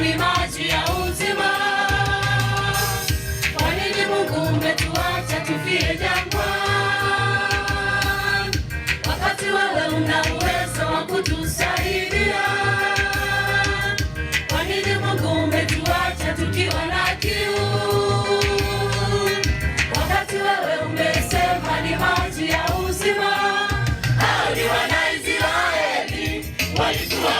ni maji ya uzima. Kwa nini Mungu umetuacha tufie jangwani, wakati wewe una uwezo wa kutusaidia? Kwa nini Mungu umetuacha tukiwa na kiu, wakati wewe umesema ni maji ya uzima? Hao ni Wanaisraeli walikuwa